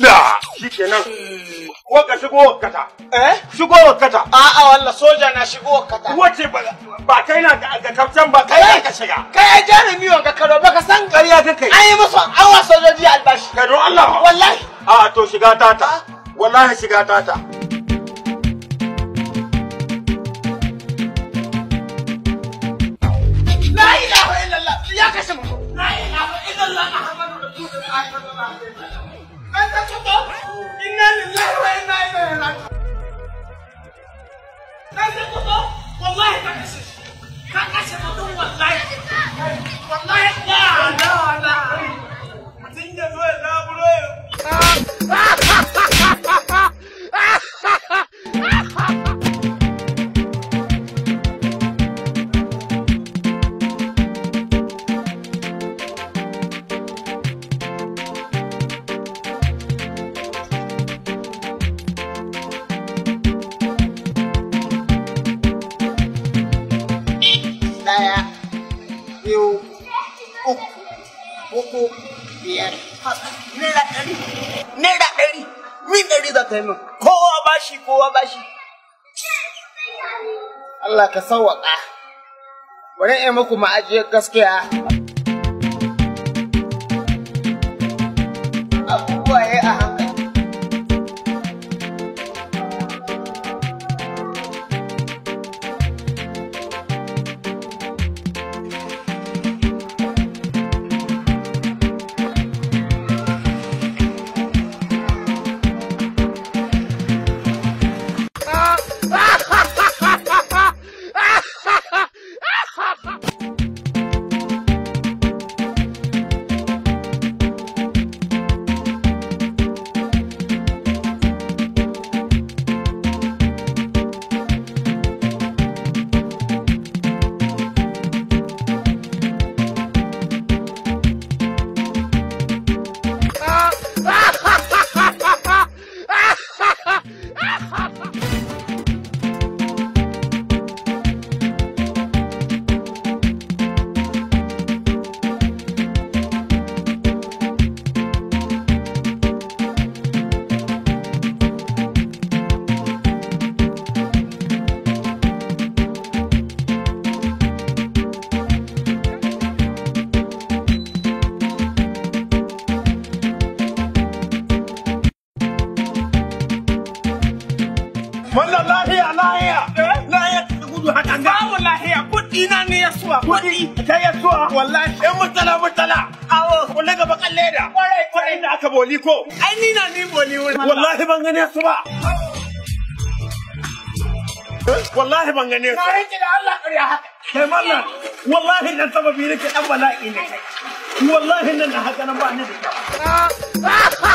Da shi kenan waka shigo kata. Eh? Shigo kata. A'a walla soja na shigo kata. Wace ba kai na ga kaftan ba kai ka eh? shiga. Kai ai jarumi wanga karo baka san ƙarya kake. An yi musu awa sojoji albashi. Ka don Allah. Wallahi. A to shiga tata. Wallahi shiga tata. والله ما كسر ما كسر والله والله biyu uku uku biyar naira ɗari dari? ɗari min ɗari za ka yi min kowa bashi kowa bashi Allah ka sawwaƙa bari in muku ma'ajiyar gaskiya Wannan lahiya eh, lahiya. Lahiya ta gudu haka ga. Babu lahiya kuɗi na ne ya suwa. Kuɗi ta ya suwa. Wallahi. In mutala mutala. Awo. Kulle ga bakan leda. Kwarai kwarai da aka boli ko. Ai ni na ni boli wuri. Wallahi ban gane su ba. Eh, wallahi ban gane su. Na rinki da Allah ƙarya haka. Kai mallan. Wallahi dan sababi nake dan bala'i ne kai. Wallahi nan na haka nan ba ni da.